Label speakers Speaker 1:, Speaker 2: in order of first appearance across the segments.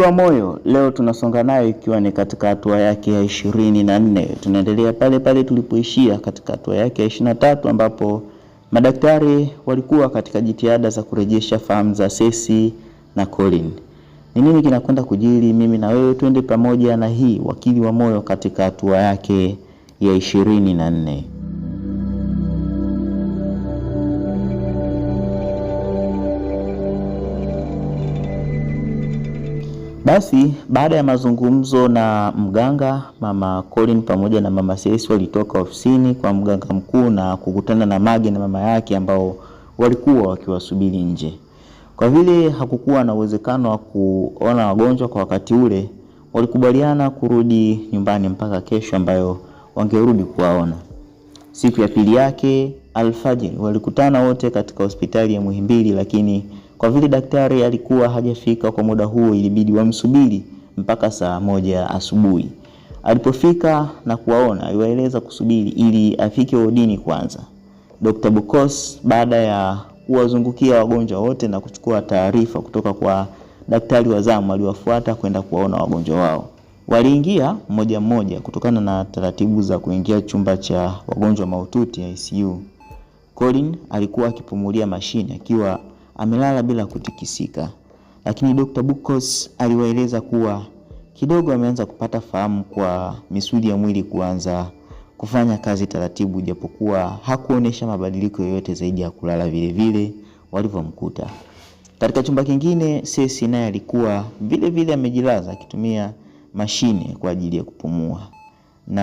Speaker 1: wa moyo leo tunasonga nayo ikiwa ni katika hatua yake ya ishirini na nne. Tunaendelea pale pale tulipoishia katika hatua yake ya ishirini na tatu ambapo madaktari walikuwa katika jitihada za kurejesha fahamu za sesi na Colin. Ni nini kinakwenda kujiri? Mimi na wewe twende pamoja na hii wakili wa moyo katika hatua yake ya ishirini na nne. Basi baada ya mazungumzo na mganga, mama Colin pamoja na mama Cecy walitoka ofisini kwa mganga mkuu na kukutana na Mage na mama yake ambao walikuwa wakiwasubiri nje. Kwa vile hakukuwa na uwezekano wa kuona wagonjwa kwa wakati ule, walikubaliana kurudi nyumbani mpaka kesho ambayo wangerudi kuwaona. Siku ya pili yake alfajiri walikutana wote katika hospitali ya Muhimbili, lakini kwa vile daktari alikuwa hajafika kwa muda huo, ilibidi wamsubiri mpaka saa moja asubuhi. Alipofika na kuwaona, aliwaeleza kusubiri ili afike wodini kwanza. Dr. Bukos baada ya kuwazungukia wagonjwa wote na kuchukua taarifa kutoka kwa daktari wa zamu, aliwafuata kwenda kuwaona wagonjwa wao. Waliingia mmoja mmoja kutokana na taratibu za kuingia chumba cha wagonjwa mahututi ICU. Colin alikuwa akipumulia mashine akiwa amelala bila kutikisika, lakini Dr. Bukos aliwaeleza kuwa kidogo ameanza kupata fahamu kwa misuli ya mwili kuanza kufanya kazi taratibu, japokuwa hakuonyesha mabadiliko yoyote zaidi ya kulala vilevile walivyomkuta. Katika chumba kingine, Sesi naye alikuwa vile vile amejilaza akitumia mashine kwa ajili ya kupumua, na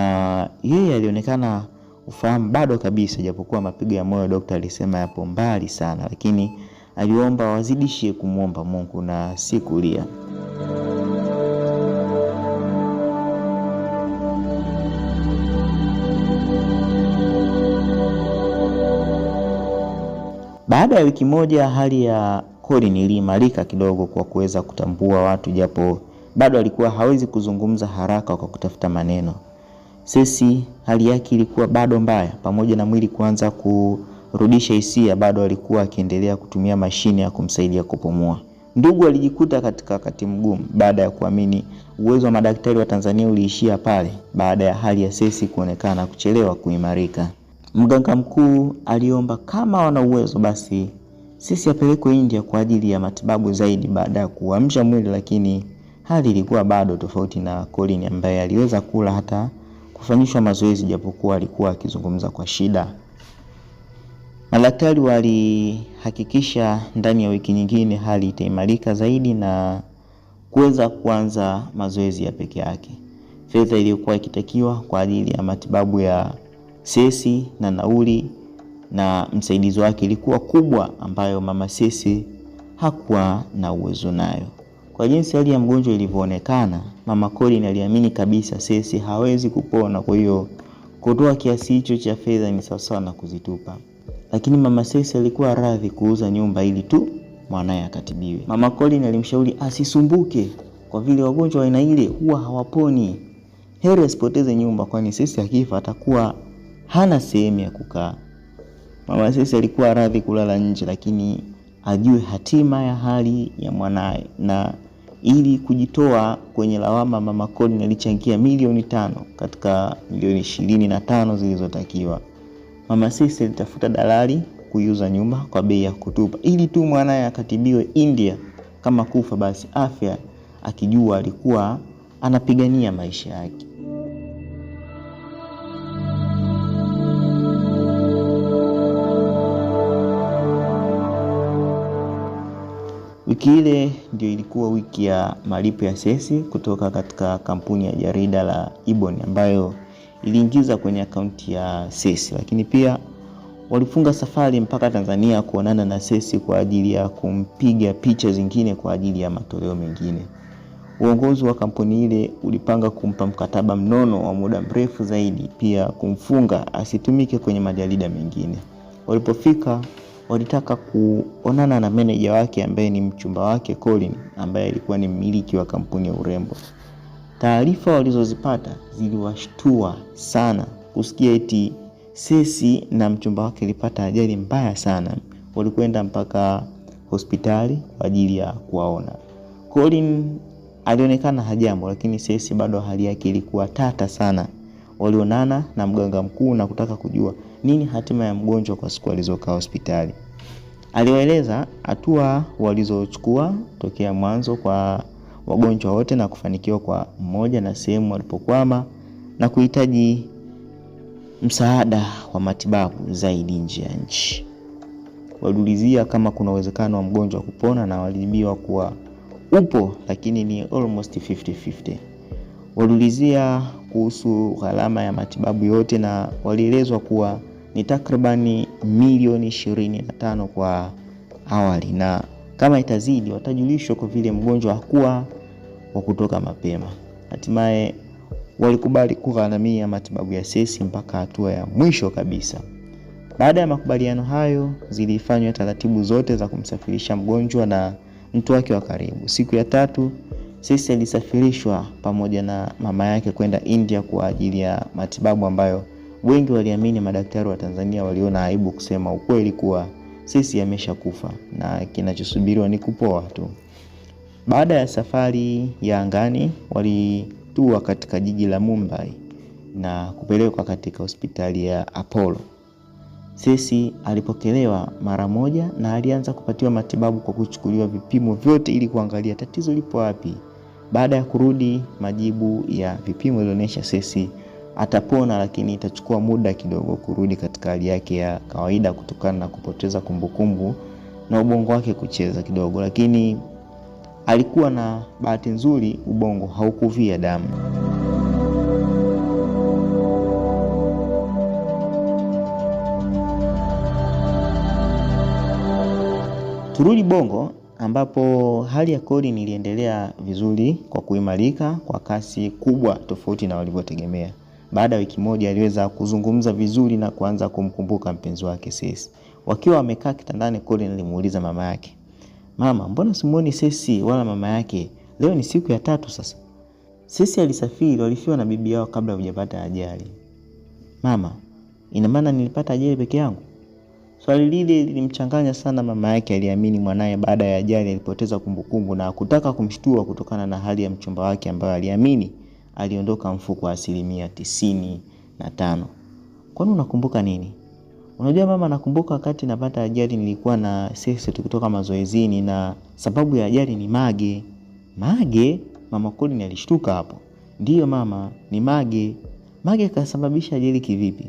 Speaker 1: yeye alionekana ufahamu bado kabisa, japokuwa mapigo ya moyo dokta alisema yapo mbali sana, lakini aliomba wazidishie kumwomba Mungu na si kulia. Baada ya wiki moja, hali ya Colin iliimarika kidogo kwa kuweza kutambua watu, japo bado alikuwa hawezi kuzungumza haraka kwa kutafuta maneno. Sesi hali yake ilikuwa bado mbaya, pamoja na mwili kuanza ku rudisha hisia, bado alikuwa akiendelea kutumia mashine ya kumsaidia kupumua. Ndugu alijikuta katika wakati mgumu baada ya kuamini uwezo wa madaktari wa Tanzania uliishia pale baada ya hali ya sesi kuonekana kuchelewa kuimarika. Mganga mkuu aliomba kama wana uwezo basi sisi apelekwe India kwa ajili ya matibabu zaidi baada ya kuamsha mwili, lakini hali ilikuwa bado tofauti na Colin ambaye aliweza kula hata kufanyishwa mazoezi, japokuwa alikuwa akizungumza kwa shida. Madaktari walihakikisha ndani ya wiki nyingine hali itaimarika zaidi na kuweza kuanza mazoezi ya peke yake. Fedha iliyokuwa ikitakiwa kwa ajili ya matibabu ya sesi na nauli na msaidizi wake ilikuwa kubwa, ambayo mama sesi hakuwa na uwezo nayo. Kwa jinsi hali ya mgonjwa ilivyoonekana, mama Coline aliamini kabisa Sesi hawezi kupona, kwa hiyo kutoa kiasi hicho cha fedha ni sawasawa na kuzitupa lakini mama Seif alikuwa radhi kuuza nyumba ili tu mwanaye akatibiwe. Mama Colin alimshauri asisumbuke kwa vile wagonjwa aina ile huwa hawaponi, heri asipoteze nyumba, kwani Seif akifa atakuwa hana sehemu ya kukaa. Mama Seif alikuwa radhi kulala nje, lakini ajue hatima ya hali ya mwanaye, na ili kujitoa kwenye lawama, mama Colin alichangia milioni tano katika milioni ishirini na tano zilizotakiwa. Mama Sisi alitafuta dalali kuiuza nyumba kwa bei ya kutupa ili tu mwanaye akatibiwe India, kama kufa basi afya, akijua alikuwa anapigania maisha yake. Wiki ile ndio ilikuwa wiki ya malipo ya Sesi kutoka katika kampuni ya jarida la Ibon ambayo iliingiza kwenye akaunti ya Sesi, lakini pia walifunga safari mpaka Tanzania kuonana na Sesi kwa ajili ya kumpiga picha zingine kwa ajili ya matoleo mengine. Uongozi wa kampuni ile ulipanga kumpa mkataba mnono wa muda mrefu zaidi, pia kumfunga asitumike kwenye majarida mengine. Walipofika walitaka kuonana na meneja wake ambaye ni mchumba wake Colin, ambaye alikuwa ni mmiliki wa kampuni ya urembo. Taarifa walizozipata ziliwashtua sana kusikia eti Cecy na mchumba wake alipata ajali mbaya sana. Walikwenda mpaka hospitali kwa ajili ya kuwaona. Colin alionekana hajambo, lakini Cecy bado hali yake ilikuwa tata sana. Walionana na mganga mkuu na kutaka kujua nini hatima ya mgonjwa kwa siku alizokaa hospitali. Aliwaeleza hatua walizochukua tokea mwanzo kwa wagonjwa wote na kufanikiwa kwa mmoja na sehemu walipokwama na kuhitaji msaada wa matibabu zaidi nje ya nchi. Waliulizia kama kuna uwezekano wa mgonjwa kupona na walijibiwa kuwa upo, lakini ni almost 50-50. Waliulizia kuhusu gharama ya matibabu yote na walielezwa kuwa ni takribani milioni 25 kwa awali na kama itazidi, watajulishwa kwa vile mgonjwa hakuwa wa kutoka mapema. Hatimaye walikubali kugharamia matibabu ya sesi mpaka hatua ya mwisho kabisa. Baada ya makubaliano hayo, zilifanywa taratibu zote za kumsafirisha mgonjwa na mtu wake wa karibu. Siku ya tatu, sesi alisafirishwa pamoja na mama yake kwenda India kwa ajili ya matibabu ambayo wengi waliamini madaktari wa Tanzania waliona aibu kusema ukweli kuwa sisi ameshakufa na kinachosubiriwa ni kupoa tu. Baada ya safari ya angani, walitua katika jiji la Mumbai na kupelekwa katika hospitali ya Apollo. Sesi alipokelewa mara moja na alianza kupatiwa matibabu kwa kuchukuliwa vipimo vyote ili kuangalia tatizo lipo wapi. Baada ya kurudi, majibu ya vipimo ilionyesha Sesi atapona, lakini itachukua muda kidogo kurudi katika hali yake ya kawaida kutokana na kupoteza kumbukumbu na ubongo wake kucheza kidogo, lakini alikuwa na bahati nzuri, ubongo haukuvia damu. Turudi Bongo ambapo hali ya Colin iliendelea vizuri kwa kuimarika kwa kasi kubwa tofauti na walivyotegemea. Baada ya wiki moja aliweza kuzungumza vizuri na kuanza kumkumbuka mpenzi wake Sesi. Wakiwa wamekaa kitandani, Colin alimuuliza mama yake, mama, mbona simuoni Sesi wala mama yake? Leo ni siku ya tatu sasa. Sesi alisafiri, walifiwa na bibi yao kabla hujapata ajali. Mama, ina maana nilipata ajali peke yangu? Swali lile lilimchanganya sana mama yake. Aliamini mwanaye baada ya ajali alipoteza kumbukumbu na kutaka kumshtua kutokana na hali ya mchumba wake ambayo aliamini aliondoka mfuko wa asilimia tisini na tano. Kwani unakumbuka nini? Unajua mama, nakumbuka wakati napata ajali nilikuwa na sisi tukitoka mazoezini, na sababu ya ajali ni mage. Mage? Mama Colin alishtuka hapo. Ndiyo mama, ni mage. Mage kasababisha ajali kivipi?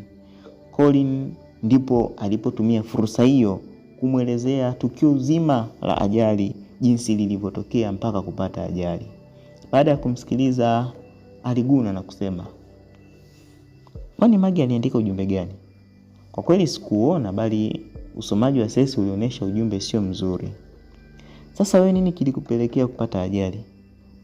Speaker 1: Colin ndipo alipotumia fursa hiyo kumwelezea tukio zima la ajali, jinsi lilivyotokea mpaka kupata ajali. Baada ya kumsikiliza aliguna na kusema, Mani Magi aliandika ujumbe gani? Kwa kweli sikuona, bali usomaji wa sesi ulionyesha ujumbe sio mzuri. Sasa wewe nini kilikupelekea kupata ajali?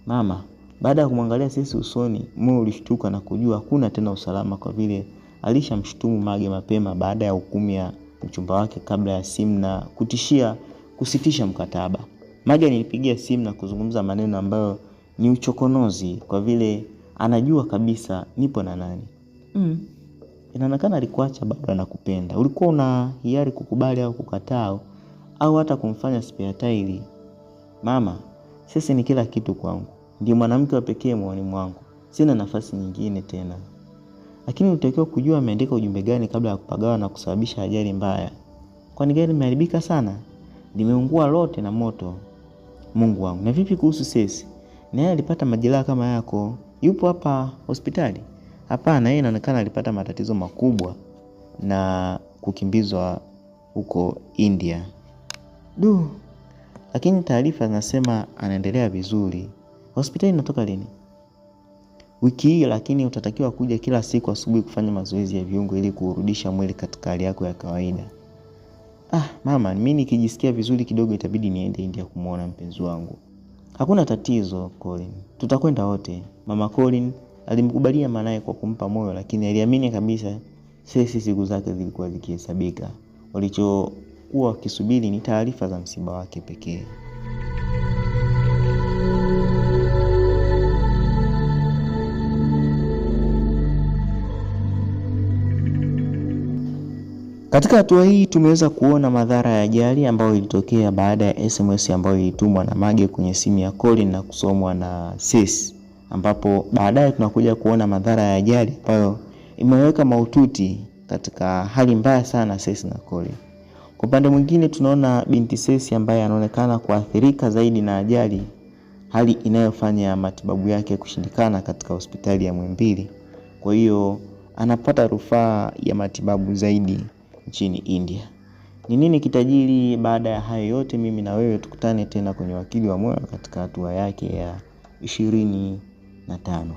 Speaker 1: Mama, baada ya kumwangalia sesi usoni, moyo ulishtuka na kujua hakuna tena usalama kwa vile alishamshutumu Mage mapema baada ya hukumu ya mchumba wake kabla ya simu na kutishia kusitisha mkataba. Mage nilipigia simu na kuzungumza maneno ambayo ni uchokonozi kwa vile anajua kabisa nipo na nani mm. Inaonekana alikuacha bado anakupenda. Ulikuwa una hiari kukubali au kukataa au hata kumfanya spare tire. Mama, sisi ni kila kitu kwangu, ndio mwanamke wa pekee moyoni mwangu, sina nafasi nyingine tena. Lakini ulitakiwa kujua ameandika ujumbe gani kabla ya kupagawa na kusababisha ajali mbaya. Kwani gari limeharibika sana, limeungua lote na moto. Mungu wangu, na vipi kuhusu Sesi? Naye alipata majeraha kama yako yupo hapa hospitali? Hapana, yeye inaonekana alipata matatizo makubwa na kukimbizwa huko India. Du, lakini taarifa zinasema anaendelea vizuri. Hospitali inatoka lini? Wiki hii, lakini utatakiwa kuja kila siku asubuhi kufanya mazoezi ya viungo ili kuurudisha mwili katika hali yako ya kawaida. Ah, mama, mi nikijisikia vizuri kidogo itabidi niende India kumwona mpenzi wangu. Hakuna tatizo Colin, tutakwenda wote. Mama Colin alimkubalia manaye kwa kumpa moyo, lakini aliamini kabisa sesi siku zake zilikuwa zikihesabika. Walichokuwa wakisubiri ni taarifa za msiba wake pekee. Katika hatua hii tumeweza kuona madhara ya ajali ambayo ilitokea baada ya SMS ambayo ilitumwa na Mage kwenye simu ya Colin na kusomwa na Sis, ambapo baadaye tunakuja kuona madhara ya ajali ambayo imeweka maututi katika hali mbaya sana Sis na Colin. Kwa upande mwingine, tunaona binti Sis ambaye anaonekana kuathirika zaidi na ajali, hali inayofanya matibabu yake kushindikana katika hospitali ya Muhimbili. Kwa hiyo anapata rufaa ya matibabu zaidi nchini India. Ni nini kitajiri? Baada ya hayo yote, mimi na wewe tukutane tena kwenye Wakili wa Moyo katika hatua yake ya ishirini na tano.